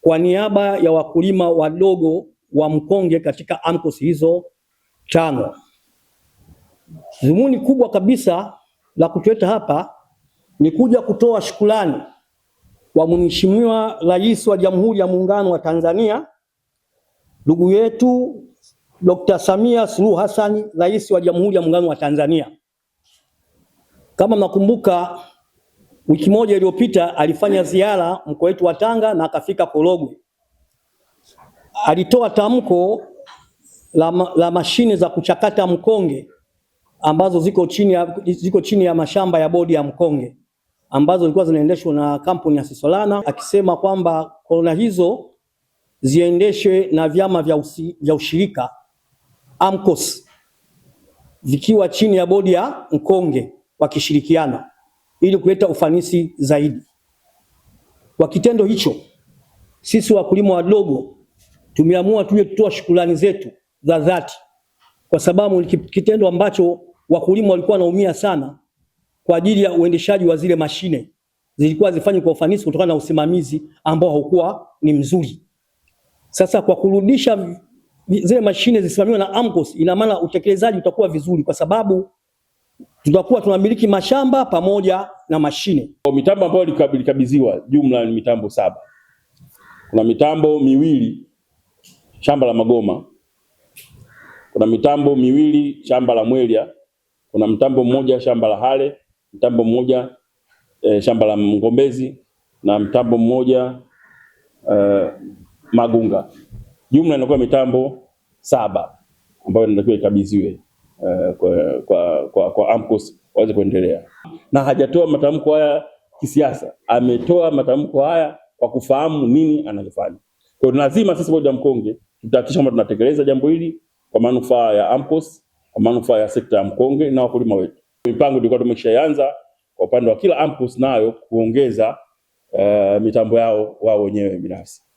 Kwa niaba ya wakulima wadogo wa mkonge katika AMCOS hizo tano, dhumuni kubwa kabisa la kutuleta hapa ni kuja kutoa shukrani kwa Mheshimiwa Rais wa Jamhuri ya Muungano wa Tanzania, ndugu yetu Dr. Samia Suluhu Hassan, Rais wa Jamhuri ya Muungano wa Tanzania. Kama mnakumbuka wiki moja iliyopita alifanya ziara mkoa wetu wa Tanga na akafika Korogwe. Alitoa tamko la, la mashine za kuchakata mkonge ambazo ziko chini ya, ziko chini ya mashamba ya bodi ya mkonge ambazo zilikuwa zinaendeshwa na kampuni ya Sisolana, akisema kwamba korona hizo ziendeshwe na vyama vya, usi, vya ushirika AMCOS vikiwa chini ya bodi ya mkonge wakishirikiana ili kuleta ufanisi zaidi. Kwa kitendo hicho, sisi wakulima wadogo tumeamua tuje kutoa shukrani zetu za dhati, kwa sababu ni kitendo ambacho wakulima walikuwa wanaumia sana kwa ajili ya uendeshaji wa zile mashine, zilikuwa zifanywe kwa ufanisi kutokana na usimamizi ambao haukuwa ni mzuri. Sasa kwa kurudisha zile mashine zisimamiwe na AMCOS, ina maana utekelezaji utakuwa vizuri, kwa sababu tutakuwa tunamiliki mashamba pamoja na mashine. Mitambo ambayo ilikabidhiwa jumla ni mitambo saba. Kuna mitambo miwili shamba la Magoma, kuna mitambo miwili shamba la Mwelia, kuna mtambo mmoja shamba la Hale, mtambo mmoja e, shamba la Mgombezi na mtambo mmoja e, Magunga. Jumla inakuwa mitambo saba ambayo inatakiwa ikabidhiwe. Eh, kwa, kwa, kwa, kwa AMCOS waweze kuendelea, na hajatoa matamko haya kisiasa, ametoa matamko haya kwa kufahamu nini anachofanya. Kwa hiyo lazima sisi bodi ya mkonge tutahakikisha kwamba tunatekeleza jambo hili kwa manufaa ya AMCOS, kwa manufaa ya sekta ya mkonge na wakulima wetu. Mipango tulikuwa tumeshaanza kwa upande wa kila AMCOS nayo kuongeza uh, mitambo yao wao wenyewe binafsi.